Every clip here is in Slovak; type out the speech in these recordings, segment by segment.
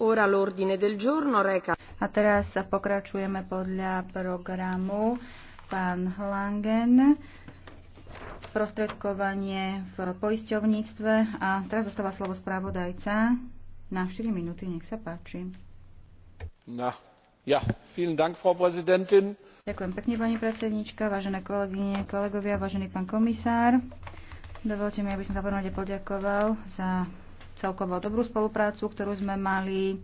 A teraz sa pokračujeme podľa programu. Pán Langen, sprostredkovanie v poisťovníctve. A teraz zostáva slovo správodajca. Na 4 minúty, nech sa páči. Na. Ja, vielen Dank, Frau Präsidentin. Ďakujem pekne, pani predsednička, vážené kolegyne, kolegovia, vážený pán komisár. Dovolte mi, aby som sa prvom poďakoval za celkovo dobrú spoluprácu, ktorú sme mali.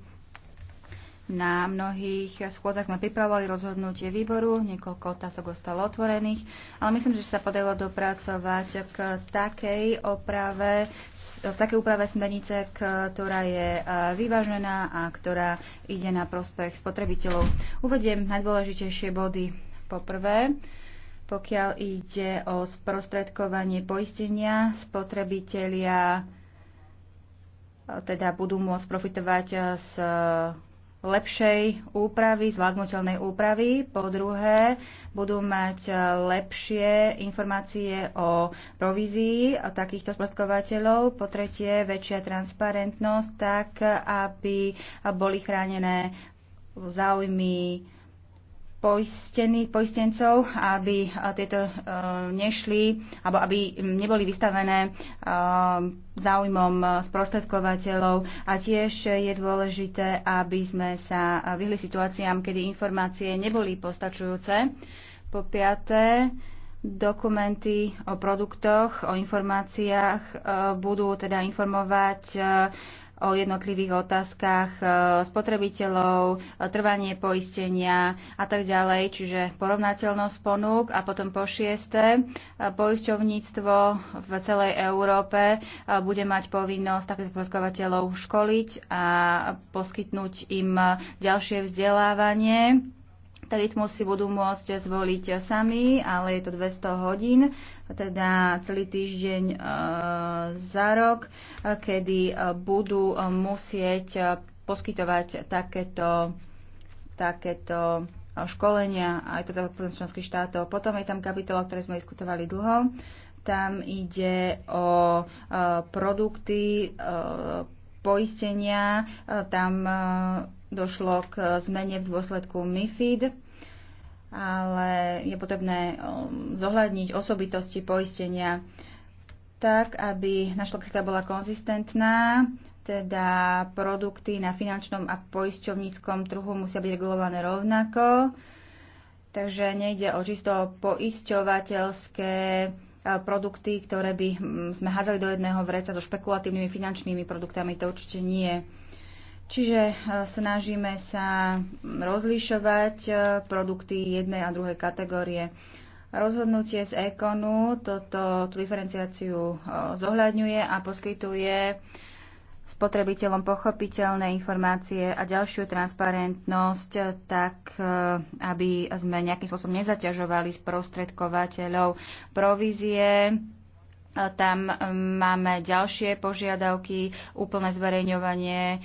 Na mnohých schôdzach sme pripravovali rozhodnutie výboru, niekoľko otázok ostalo otvorených, ale myslím, že sa podarilo dopracovať k takej oprave, v takej úprave smernice, ktorá je e, vyvážená a ktorá ide na prospech spotrebiteľov. Uvediem najdôležitejšie body. Poprvé, pokiaľ ide o sprostredkovanie poistenia, spotrebitelia teda budú môcť profitovať eh, z eh, lepšej úpravy, vládnutelnej úpravy. Po druhé, budú mať eh, lepšie informácie o provízii takýchto sprostkovateľov. Po tretie, väčšia transparentnosť, tak aby boli chránené záujmy poistení, poistencov, aby eh, tieto eh, nešli, alebo aby neboli vystavené eh, záujmom sprostredkovateľov a tiež je dôležité, aby sme sa vyhli situáciám, kedy informácie neboli postačujúce. Po piaté, dokumenty o produktoch, o informáciách budú teda informovať o jednotlivých otázkach e, spotrebiteľov, e, trvanie poistenia a tak ďalej, čiže porovnateľnosť ponúk a potom po šieste e, poisťovníctvo v celej Európe bude mať povinnosť takých sprostredkovateľov školiť a poskytnúť im ďalšie vzdelávanie Rytmus si budú môcť zvoliť sami, ale je to 200 hodín, teda celý týždeň e, za rok, e, kedy e, budú musieť poskytovať takéto, takéto školenia aj teda členských štátov. Potom je tam kapitola, o ktorej sme diskutovali dlho. Tam ide o produkty poistenia. E, tam e, došlo k zmene v dôsledku MIFID, ale je potrebné e, zohľadniť osobitosti poistenia tak, aby naša legislatíva bola konzistentná, teda produkty na finančnom a poisťovníckom trhu musia byť regulované rovnako. Takže nejde o čisto poisťovateľské E, produkty, ktoré by sme hádzali do jedného vreca so špekulatívnymi finančnými produktami. To určite nie. Čiže e, snažíme sa rozlišovať e, produkty jednej a druhej kategórie. Rozhodnutie z ekonu toto, tú diferenciáciu zohľadňuje a poskytuje spotrebiteľom pochopiteľné informácie a ďalšiu transparentnosť, eh, tak eh, aby sme nejakým spôsobom nezaťažovali sprostredkovateľov provízie. Eh, tam máme ďalšie požiadavky, úplné zverejňovanie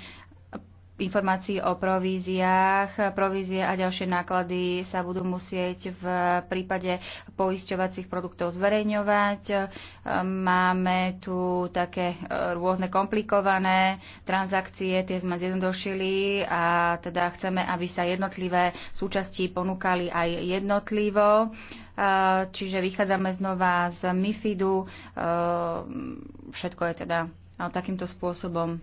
informácií o províziách. Provízie a ďalšie náklady sa budú musieť v prípade poisťovacích produktov zverejňovať. Máme tu také e, rôzne komplikované transakcie, tie sme zjednodušili a teda chceme, aby sa jednotlivé súčasti ponúkali aj jednotlivo e, čiže vychádzame znova z MIFIDu. E, všetko je teda takýmto spôsobom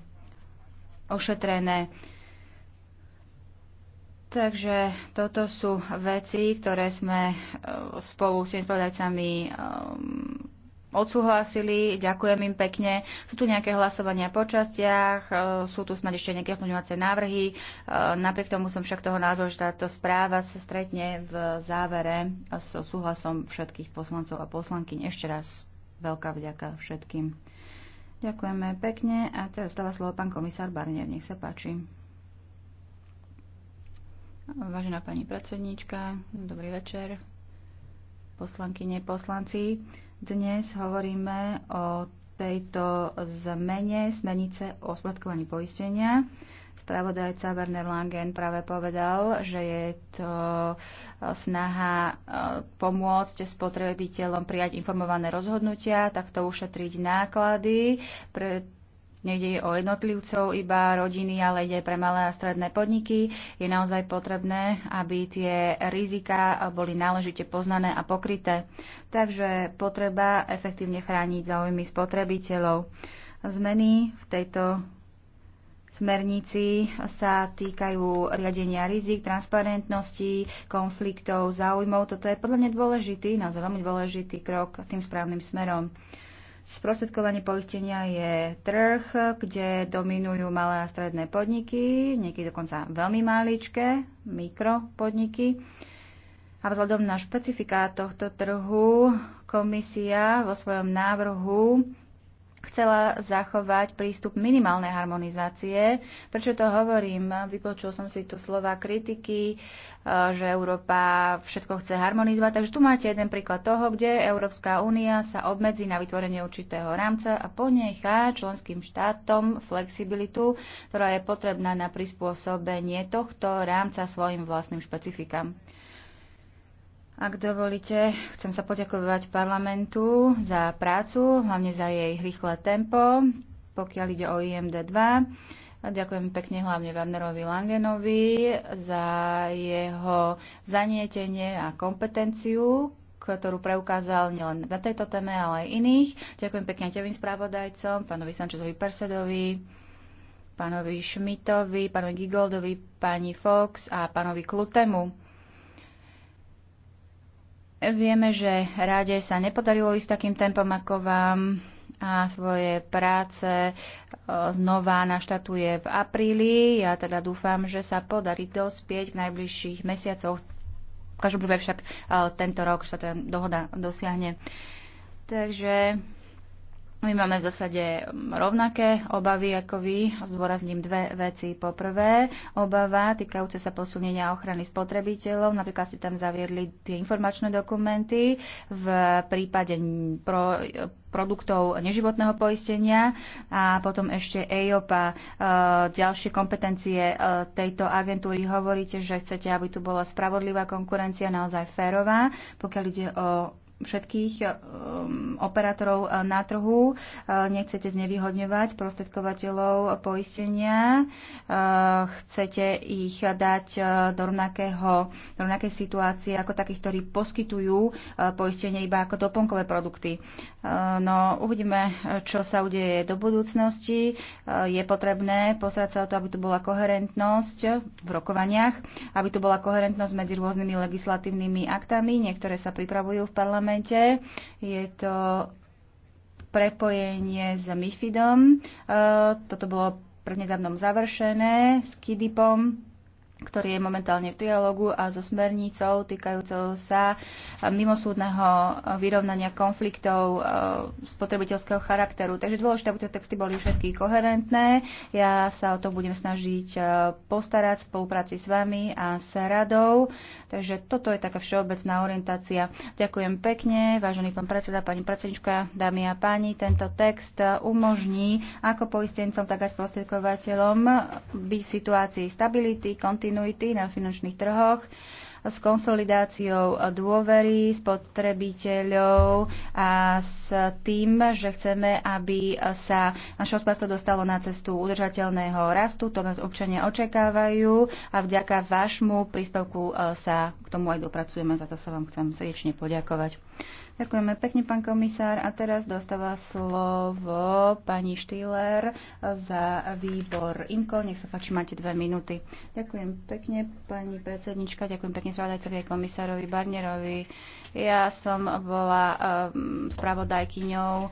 ošetrené. Takže toto sú veci, ktoré sme e, spolu s tými spravodajcami e, odsúhlasili. Ďakujem im pekne. Sú tu nejaké hlasovania po častiach, e, sú tu snad ešte nejaké plňovacie návrhy. Napriek tomu som však toho názoru, že táto správa sa stretne v závere s súhlasom všetkých poslancov a poslankyň. Ešte raz veľká vďaka všetkým. Ďakujeme pekne a teraz dáva slovo pán komisár Barnier, nech sa páči. Vážená pani predsedníčka, dobrý večer, poslankyne, poslanci. Dnes hovoríme o tejto zmene smernice o splatkovaní poistenia. Spravodajca Werner Langen práve povedal, že je to e, snaha e, pomôcť spotrebiteľom prijať informované rozhodnutia, takto ušetriť náklady, pre Nejde o jednotlivcov, iba rodiny, ale ide pre malé a stredné podniky. Je naozaj potrebné, aby tie rizika boli náležite poznané a pokryté. Takže potreba efektívne chrániť záujmy spotrebiteľov. Zmeny v tejto smernici sa týkajú riadenia rizik, transparentnosti, konfliktov, záujmov. Toto je podľa mňa dôležitý, naozaj veľmi dôležitý krok tým správnym smerom. Sprostredkovanie poistenia je trh, kde dominujú malé a stredné podniky, niekedy dokonca veľmi maličké, mikropodniky. A vzhľadom na špecifikát tohto trhu komisia vo svojom návrhu chcela zachovať prístup minimálnej harmonizácie. Prečo to hovorím? Vypočul som si tu slova kritiky, e, že Európa všetko chce harmonizovať. Takže tu máte jeden príklad toho, kde Európska únia sa obmedzí na vytvorenie určitého rámca a ponechá členským štátom flexibilitu, ktorá je potrebná na prispôsobenie tohto rámca svojim vlastným špecifikám. Ak dovolíte, chcem sa poďakovať parlamentu za prácu, hlavne za jej rýchle tempo, pokiaľ ide o IMD 2. A ďakujem pekne hlavne Wernerovi Langenovi za jeho zanietenie a kompetenciu, ktorú preukázal nielen na tejto téme, ale aj iných. Ďakujem pekne tevým správodajcom, pánovi Sančezovi Persedovi, pánovi Šmitovi, pánovi Gigoldovi, pani Fox a pánovi Klutemu. Vieme, že ráde sa nepodarilo ísť takým tempom ako vám a svoje práce e, znova naštatuje v apríli. Ja teda dúfam, že sa podarí dospieť v najbližších mesiacoch. V každom prípade však e, tento rok sa tá dohoda dosiahne. Takže my máme v zásade rovnaké obavy ako vy. Zdôrazním dve veci. Poprvé, obava týkajúce sa posunenia ochrany spotrebiteľov. Napríklad ste tam zaviedli tie informačné dokumenty v prípade pro, produktov neživotného poistenia a potom ešte EIOPA. E, ďalšie kompetencie e, tejto agentúry hovoríte, že chcete, aby tu bola spravodlivá konkurencia, naozaj férová, pokiaľ ide o všetkých um, operátorov uh, na trhu. Uh, nechcete znevýhodňovať prostredkovateľov poistenia. Uh, chcete ich dať do, rovnakého, do rovnakej situácie ako takých, ktorí poskytujú poistenie iba ako doplnkové produkty. No, uvidíme, čo sa udeje do budúcnosti. Je potrebné posrať sa o to, aby tu bola koherentnosť v rokovaniach, aby tu bola koherentnosť medzi rôznymi legislatívnymi aktami. Niektoré sa pripravujú v parlamentu parlamente. Je to prepojenie s MIFIDom. E, toto bolo prednedávnom završené s KIDIPom ktorý je momentálne v trialógu a so smernicou týkajúcou sa e, mimosúdneho e, vyrovnania konfliktov e, spotrebiteľského charakteru. Takže dôležité, aby tie texty boli všetky koherentné. Ja sa o to budem snažiť postarať v spolupráci s vami a s radou. Takže toto je taká všeobecná orientácia. Ďakujem pekne, vážený pán predseda, pani predsednička, dámy a páni. Tento text umožní ako poistencom, tak aj spostredkovateľom byť v situácii stability, kontinu, diskontinuity na finančných trhoch s konsolidáciou dôvery spotrebiteľov a s tým, že chceme, aby sa naše hospodárstvo dostalo na cestu udržateľného rastu. To nás občania očakávajú a vďaka vášmu príspevku eh, sa k tomu aj dopracujeme. Za to sa vám chcem srdečne poďakovať. Ďakujeme pekne, pán komisár. A teraz dostáva slovo pani Štýler za výbor IMKO. Nech sa páči, máte dve minúty. Ďakujem pekne, pani predsednička. Ďakujem pekne aj komisárovi Barnerovi. Ja som bola um, spravodajkyňou uh,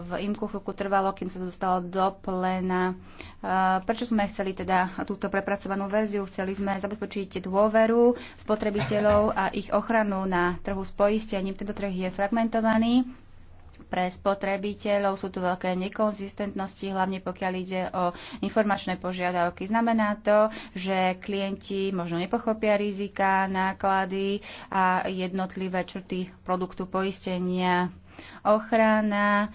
v IMKU chvíľku trvalo, kým sa to dostalo do plena. Uh, eh, prečo sme chceli teda túto prepracovanú verziu? Chceli sme zabezpečiť dôveru spotrebiteľov a ich ochranu na trhu s poistením. Tento trh je fragmentovaný pre spotrebiteľov sú tu veľké nekonzistentnosti, hlavne pokiaľ ide o informačné požiadavky. Znamená to, že klienti možno nepochopia rizika, náklady a jednotlivé črty produktu poistenia, ochrana,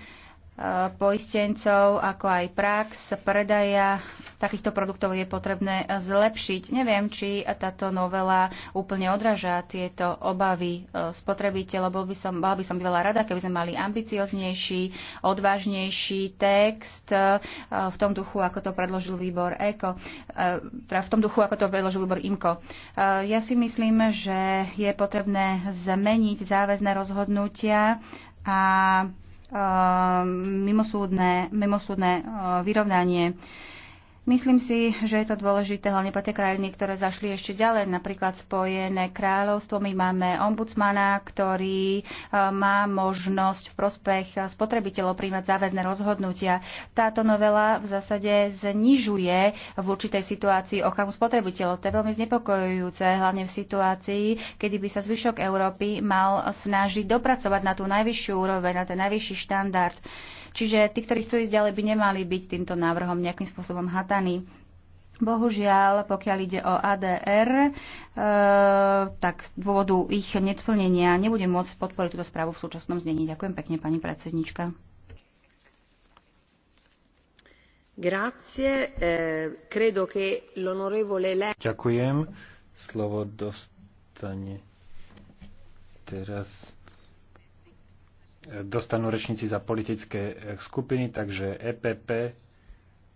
poistencov, ako aj prax predaja takýchto produktov je potrebné zlepšiť. Neviem, či táto novela úplne odražá tieto obavy e, spotrebiteľov, lebo by som, bola by som bývala rada, keby sme mali ambicioznejší, odvážnejší text e, v tom duchu, ako to predložil výbor ECO, e, teda v tom duchu, ako to predložil výbor IMCO. Ja si myslím, že je potrebné zmeniť záväzné rozhodnutia a Ehm, mimosúdne, mimosúdne ehm, vyrovnanie Myslím si, že je to dôležité hlavne pre tie krajiny, ktoré zašli ešte ďalej, napríklad Spojené kráľovstvo. My máme ombudsmana, ktorý e, má možnosť v prospech spotrebiteľov príjmať záväzne rozhodnutia. Táto novela v zásade znižuje v určitej situácii ochranu spotrebiteľov. To je veľmi znepokojujúce, hlavne v situácii, kedy by sa zvyšok Európy mal snažiť dopracovať na tú najvyššiu úroveň, na ten najvyšší štandard. Čiže tí, ktorí chcú ísť ďalej, by nemali byť týmto návrhom nejakým spôsobom hataní. Bohužiaľ, pokiaľ ide o ADR, e, tak z dôvodu ich netplnenia nebudem môcť podporiť túto správu v súčasnom znení. Ďakujem pekne, pani predsednička. Grazie. E, credo che l'onorevole Le... Ďakujem. Slovo dostane teraz dostanú rečníci za politické eh, skupiny, takže EPP,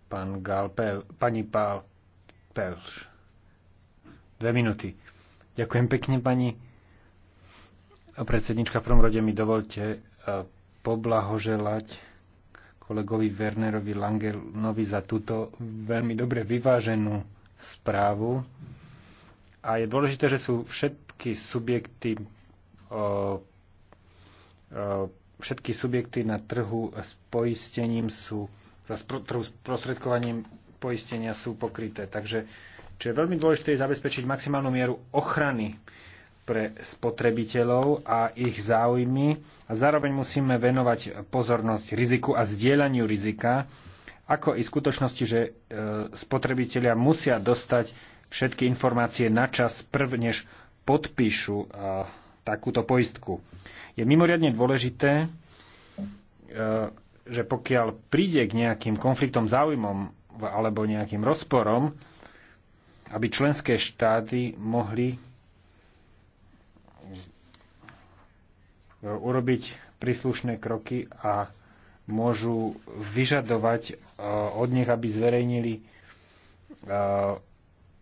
pán Gál, Pel, pani Pál Pelš. Dve minúty. Ďakujem pekne, pani predsednička. V prvom rode mi dovolte eh, poblahoželať kolegovi Wernerovi Langelovi za túto veľmi dobre vyváženú správu. A je dôležité, že sú všetky subjekty o, eh, o, všetky subjekty na trhu s poistením sú, za trhu s prostredkovaním poistenia sú pokryté. Takže čo je veľmi dôležité je zabezpečiť maximálnu mieru ochrany pre spotrebiteľov a ich záujmy a zároveň musíme venovať pozornosť riziku a zdieľaniu rizika, ako i skutočnosti, že e, spotrebitelia musia dostať všetky informácie na čas, prv než podpíšu e, takúto poistku. Je mimoriadne dôležité, e, že pokiaľ príde k nejakým konfliktom záujmom alebo nejakým rozporom, aby členské štáty mohli urobiť príslušné kroky a môžu vyžadovať e, od nich, aby zverejnili e,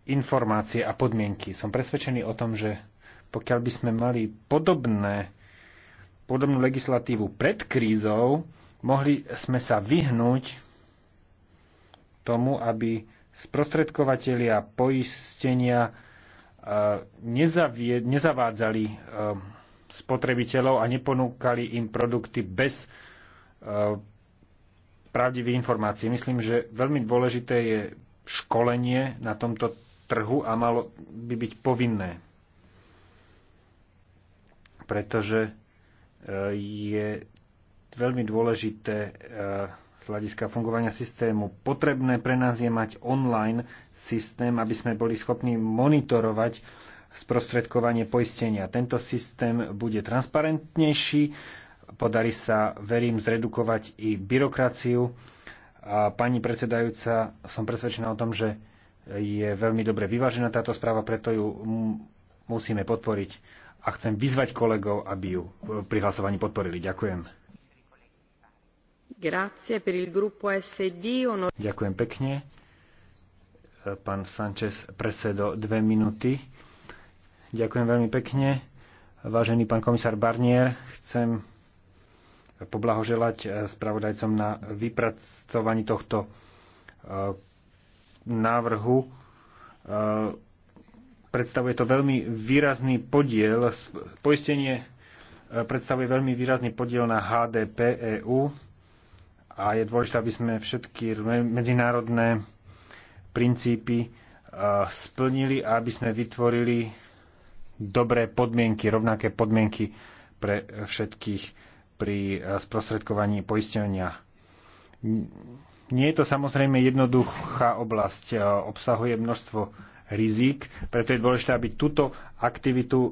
informácie a podmienky. Som presvedčený o tom, že pokiaľ by sme mali podobné, podobnú legislatívu pred krízou, mohli sme sa vyhnúť tomu, aby sprostredkovateľia poistenia e, nezavádzali e, spotrebiteľov a neponúkali im produkty bez e, pravdivých informácií. Myslím, že veľmi dôležité je školenie na tomto trhu a malo by byť povinné pretože e, je veľmi dôležité e, z hľadiska fungovania systému. Potrebné pre nás je mať online systém, aby sme boli schopní monitorovať sprostredkovanie poistenia. Tento systém bude transparentnejší, podarí sa, verím, zredukovať i byrokraciu. A pani predsedajúca, som presvedčená o tom, že je veľmi dobre vyvážená táto správa, preto ju musíme podporiť a chcem vyzvať kolegov, aby ju pri hlasovaní podporili. Ďakujem. Ďakujem pekne. Pán Sanchez, presedo, dve minúty. Ďakujem veľmi pekne. Vážený pán komisár Barnier, chcem poblahoželať spravodajcom na vypracovaní tohto eh, návrhu eh, predstavuje to veľmi výrazný podiel, poistenie e, predstavuje veľmi výrazný podiel na HDP EU a je dôležité, aby sme všetky medzinárodné princípy e, splnili a aby sme vytvorili dobré podmienky, rovnaké podmienky pre všetkých pri e, sprostredkovaní poistenia. Nie je to samozrejme jednoduchá oblasť, obsahuje množstvo rizik, preto je dôležité, aby túto aktivitu e,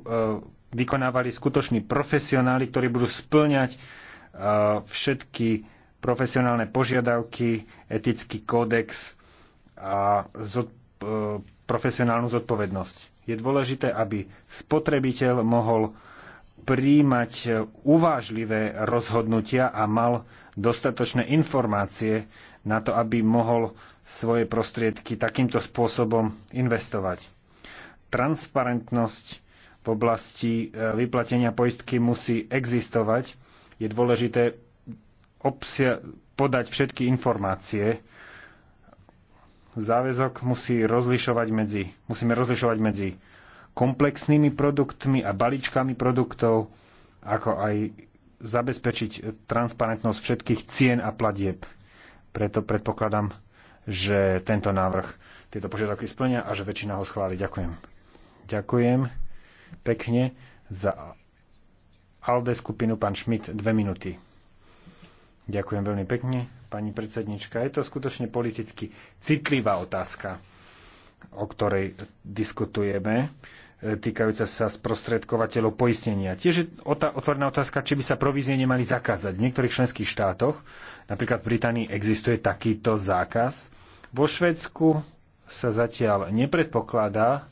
vykonávali skutoční profesionáli, ktorí budú splňať e, všetky profesionálne požiadavky, etický kódex a e, profesionálnu zodpovednosť. Je dôležité, aby spotrebiteľ mohol príjmať uvážlivé rozhodnutia a mal dostatočné informácie na to, aby mohol svoje prostriedky takýmto spôsobom investovať. Transparentnosť v oblasti e, vyplatenia poistky musí existovať. Je dôležité obsia- podať všetky informácie. Záväzok musí rozlišovať medzi, musíme rozlišovať medzi komplexnými produktmi a balíčkami produktov, ako aj zabezpečiť transparentnosť všetkých cien a platieb. Preto predpokladám že tento návrh tieto požiadavky splňa a že väčšina ho schváli. Ďakujem. Ďakujem pekne za ALDE skupinu pán Šmit dve minúty. Ďakujem veľmi pekne, pani predsednička. Je to skutočne politicky citlivá otázka, o ktorej diskutujeme týkajúca sa sprostredkovateľov poistenia. Tiež je otvorená otázka, či by sa provízie nemali zakázať. V niektorých členských štátoch, napríklad v Británii, existuje takýto zákaz. Vo Švedsku sa zatiaľ nepredpokladá,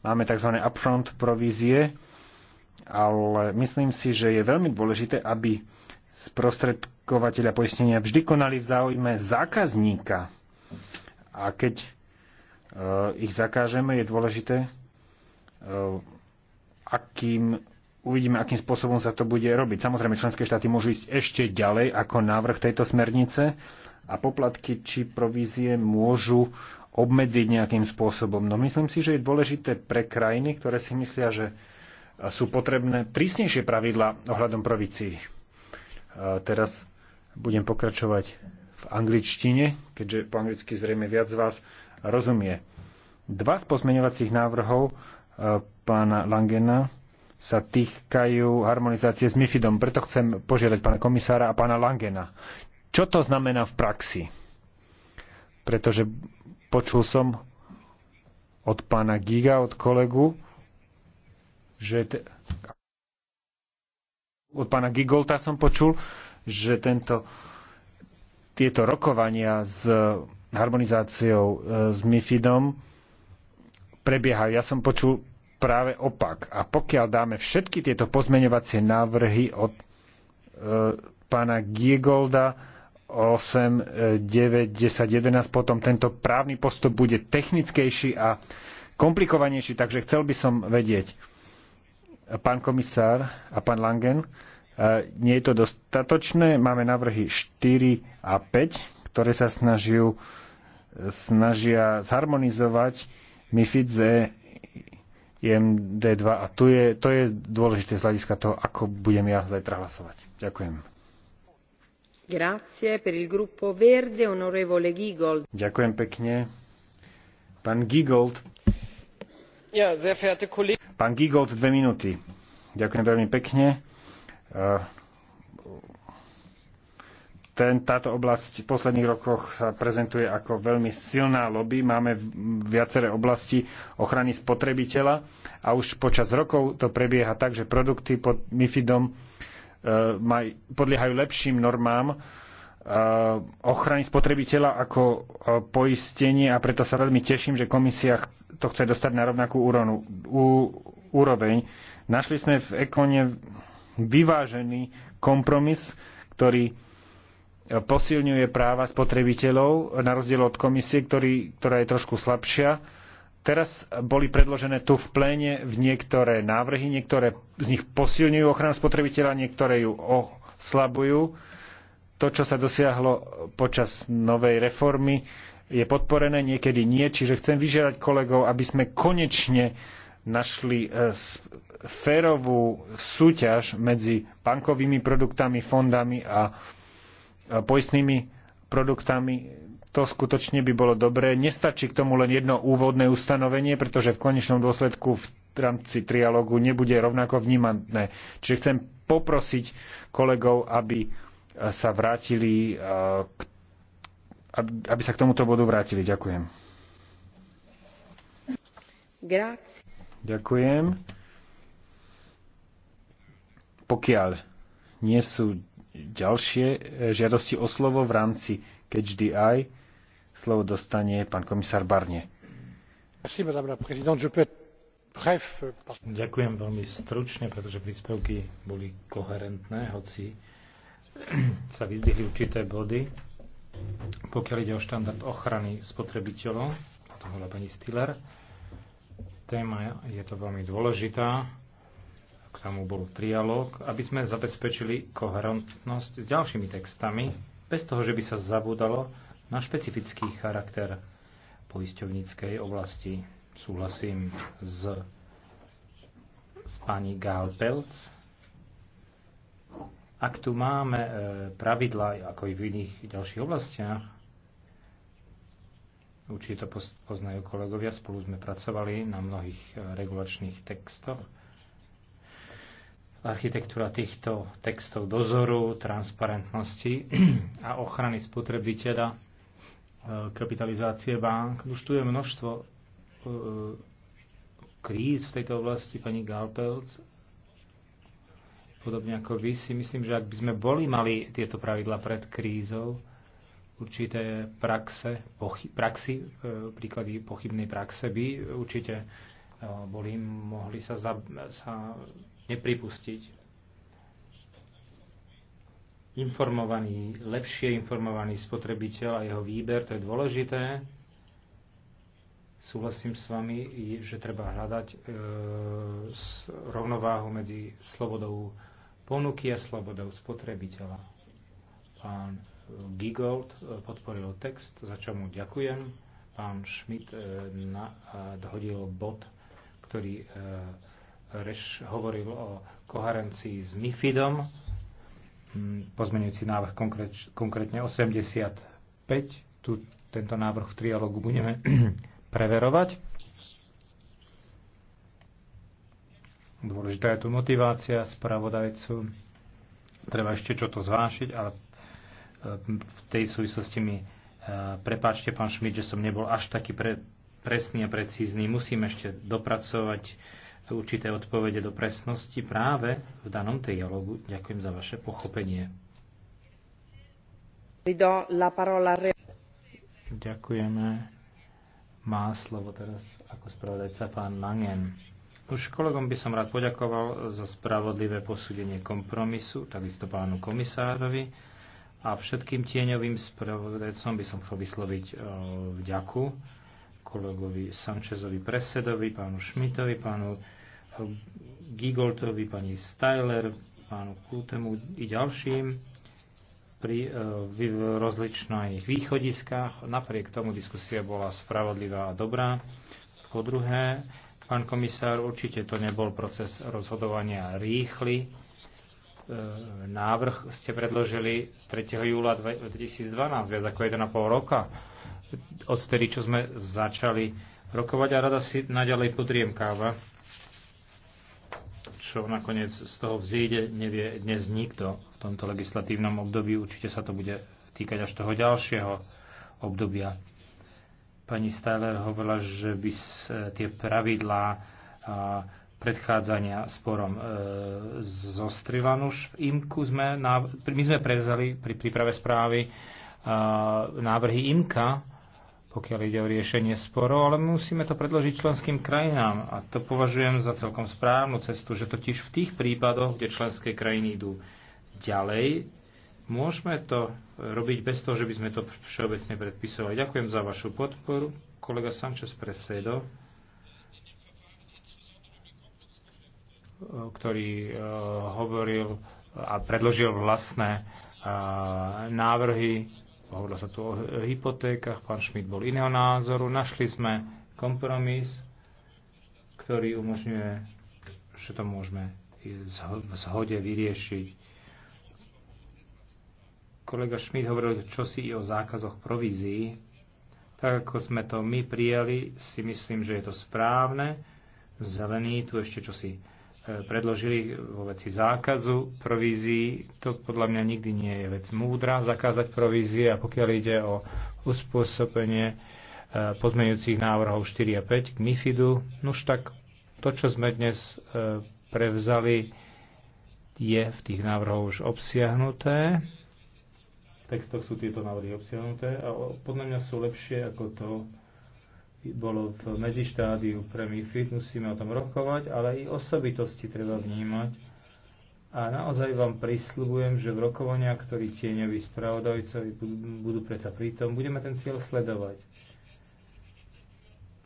máme tzv. upfront provízie, ale myslím si, že je veľmi dôležité, aby sprostredkovateľa poistenia vždy konali v záujme zákazníka. A keď e, ich zakážeme, je dôležité, Eh, akým uvidíme, akým spôsobom sa to bude robiť. Samozrejme, členské štáty môžu ísť ešte ďalej ako návrh tejto smernice a poplatky či provízie môžu obmedziť nejakým spôsobom. No myslím si, že je dôležité pre krajiny, ktoré si myslia, že sú potrebné prísnejšie pravidla ohľadom provícií. Eh, teraz budem pokračovať v angličtine, keďže po anglicky zrejme viac z vás rozumie. Dva z pozmeňovacích návrhov pána Langena sa týkajú harmonizácie s MIFIDom. Preto chcem požiadať pána komisára a pána Langena. Čo to znamená v praxi? Pretože počul som od pána Giga, od kolegu, že... Te... Od pána Gigolta som počul, že tento, tieto rokovania s harmonizáciou e, s MIFIDom prebiehajú. Ja som počul práve opak. A pokiaľ dáme všetky tieto pozmeňovacie návrhy od e, pána Giegolda 8, 9, 10, 11, potom tento právny postup bude technickejší a komplikovanejší, takže chcel by som vedieť, pán komisár a pán Langen, e, nie je to dostatočné. Máme návrhy 4 a 5, ktoré sa snažiu, snažia zharmonizovať MIFID Z, IMD2 a tu je, to je dôležité z hľadiska toho, ako budem ja zajtra hlasovať. Ďakujem. Grazie per il gruppo Verde, onorevole Giegold. Ďakujem pekne. Pán Giegold. Ja, sehr verehrte Kollegen. Pán Giegold, dve minúty. Ďakujem veľmi pekne. Uh, ten, táto oblasť v posledných rokoch sa prezentuje ako veľmi silná lobby. Máme viaceré oblasti ochrany spotrebiteľa a už počas rokov to prebieha tak, že produkty pod MIFIDom e, maj, podliehajú lepším normám e, ochrany spotrebiteľa ako e, poistenie a preto sa veľmi teším, že komisia to chce dostať na rovnakú úronu, ú, úroveň. Našli sme v Ekone vyvážený kompromis, ktorý posilňuje práva spotrebiteľov, na rozdiel od komisie, ktorý, ktorá je trošku slabšia. Teraz boli predložené tu v pléne v niektoré návrhy, niektoré z nich posilňujú ochranu spotrebiteľa, niektoré ju oslabujú. To, čo sa dosiahlo počas novej reformy, je podporené, niekedy nie. Čiže chcem vyžiadať kolegov, aby sme konečne našli e, férovú súťaž medzi bankovými produktami, fondami a E, poistnými produktami, to skutočne by bolo dobré. Nestačí k tomu len jedno úvodné ustanovenie, pretože v konečnom dôsledku v rámci trialógu nebude rovnako vnímané. Čiže chcem poprosiť kolegov, aby e, sa vrátili, e, aby sa k tomuto bodu vrátili. Ďakujem. Grazie. Ďakujem. Pokiaľ nie sú ďalšie e, žiadosti o slovo v rámci Catch the Eye. Slovo dostane pán komisár Barne. Euh, Ďakujem veľmi stručne, pretože príspevky boli koherentné, hoci sa vyzdvihli určité body. Pokiaľ ide o štandard ochrany spotrebiteľov, o tom hovorila pani Stiller, téma je to veľmi dôležitá k tomu bol trialóg, aby sme zabezpečili koherentnosť s ďalšími textami, bez toho, že by sa zabúdalo na špecifický charakter poisťovníckej oblasti. Súhlasím s, s pani Gálpelc. Ak tu máme e, pravidla, ako i v iných ďalších oblastiach, určite to poznajú kolegovia, spolu sme pracovali na mnohých e, regulačných textoch, architektúra týchto textov dozoru, transparentnosti a ochrany spotrebiteľa, e, kapitalizácie bank. Už tu je množstvo e, kríz v tejto oblasti, pani Galpelc. Podobne ako vy si myslím, že ak by sme boli mali tieto pravidla pred krízou, určité praxe, pochy, praxi, e, príklady pochybnej praxe by určite Eh, boli, mohli sa, za, sa nepripustiť. Informovaný, lepšie informovaný spotrebiteľ a jeho výber, to je dôležité. Súhlasím s vami, že treba hľadať e, rovnováhu medzi slobodou ponuky a slobodou spotrebiteľa. Pán eh, Gigold podporil text, za čo mu ďakujem. Pán Schmidt e, na, a dohodil bod ktorý e, reš, hovoril o koherencii s MIFIDom, mm, pozmenujúci návrh konkrét, konkrétne 85. Tu tento návrh v trialogu budeme preverovať. Dôležitá je tu motivácia spravodajcu. Treba ešte čo to zvášiť, ale e, v tej súvislosti mi e, prepáčte, pán Šmit, že som nebol až taký pre, presný a precízny. Musím ešte dopracovať určité odpovede do presnosti práve v danom dialogu. Ďakujem za vaše pochopenie. Ďakujeme. Má slovo teraz ako spravodajca pán Langen. Už kolegom by som rád poďakoval za spravodlivé posúdenie kompromisu, takisto pánu komisárovi a všetkým tieňovým spravodajcom by som chcel vysloviť e, vďaku kolegovi Sančezovi Presedovi, pánu Šmitovi, pánu Gigoltovi, pani Styler, pánu Kultemu i ďalším pri e, v rozličných východiskách. Napriek tomu diskusia bola spravodlivá a dobrá. Po druhé, pán komisár, určite to nebol proces rozhodovania rýchly. E, návrh ste predložili 3. júla 2012, viac ako 1,5 roka odtedy, čo sme začali rokovať a rada si naďalej podriemkáva, čo nakoniec z toho vzíde, nevie dnes nikto v tomto legislatívnom období. Určite sa to bude týkať až toho ďalšieho obdobia. Pani Styler hovorila, že by tie pravidlá predchádzania sporom e, zostrilan už v IMKU sme, my sme prevzali pri príprave správy e, návrhy IMKA, pokiaľ ide o riešenie sporov, ale musíme to predložiť členským krajinám a to považujem za celkom správnu cestu, že totiž v tých prípadoch, kde členské krajiny idú ďalej, môžeme to robiť bez toho, že by sme to všeobecne predpisovali. Ďakujem za vašu podporu. Kolega Sanchez Presedo, ktorý e, hovoril a predložil vlastné e, návrhy Hovorilo sa tu o hypotékach, pán Šmit bol iného názoru. Našli sme kompromis, ktorý umožňuje, že to môžeme v zhode vyriešiť. Kolega Šmit hovoril čosi i o zákazoch provízií. Tak ako sme to my prijali, si myslím, že je to správne. Zelený tu ešte čosi predložili vo veci zákazu provízií. To podľa mňa nikdy nie je vec múdra, zakázať provízie a pokiaľ ide o uspôsobenie e, pozmeňujúcich návrhov 4 a 5 k MIFIDu, nuž tak to, čo sme dnes e, prevzali, je v tých návrhoch už obsiahnuté. V textoch sú tieto návrhy obsiahnuté a podľa mňa sú lepšie ako to, bolo v medzištádiu pre MIFID, musíme o tom rokovať, ale i osobitosti treba vnímať. A naozaj vám prisľubujem, že v rokovania, ktorí tieňoví spravodajcovi budú predsa prítom, budeme ten cieľ sledovať.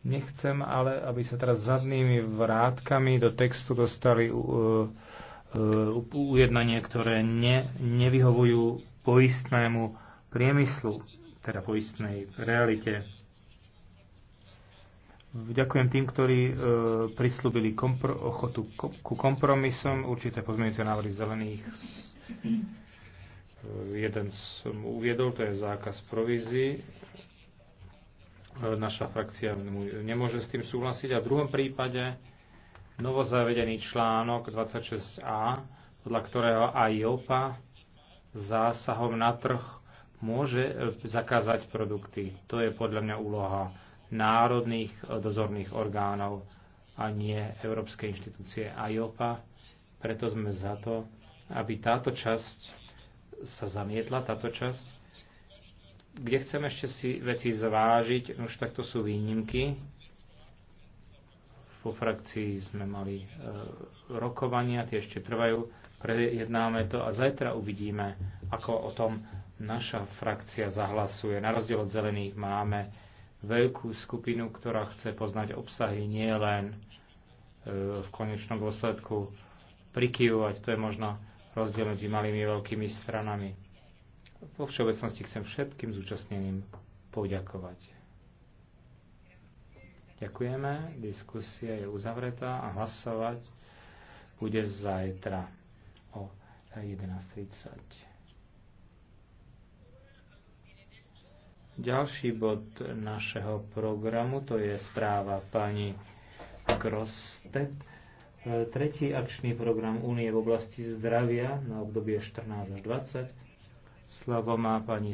Nechcem ale, aby sa teraz zadnými vrátkami do textu dostali uh, e, e, uh, ujednanie, ktoré ne, nevyhovujú poistnému priemyslu, teda poistnej realite Ďakujem tým, ktorí e, prislúbili kompro- ochotu ko- ku kompromisom. Určité pozmeňujúce návrhy zelených. E, jeden som uviedol, to je zákaz provízií. E, naša frakcia nemôže s tým súhlasiť. A v druhom prípade novozavedený článok 26a, podľa ktorého aj JOPA zásahom na trh môže e, zakázať produkty. To je podľa mňa úloha národných eh, dozorných orgánov a nie Európskej inštitúcie IOPA. Preto sme za to, aby táto časť sa zamietla, táto časť. Kde chcem ešte si veci zvážiť, už takto sú výnimky. Vo frakcii sme mali e, rokovania, tie ešte trvajú, prejednáme to a zajtra uvidíme, ako o tom naša frakcia zahlasuje. Na rozdiel od zelených máme veľkú skupinu, ktorá chce poznať obsahy, nie len e, v konečnom dôsledku prikyvovať. To je možno rozdiel medzi malými a veľkými stranami. Vo všeobecnosti chcem všetkým zúčastneným poďakovať. Ďakujeme, diskusia je uzavretá a hlasovať bude zajtra o 11.30. Ďalší bod našeho programu to je správa pani Grostet. E, tretí akčný program Únie v oblasti zdravia na obdobie 14 až 20. Slovo má pani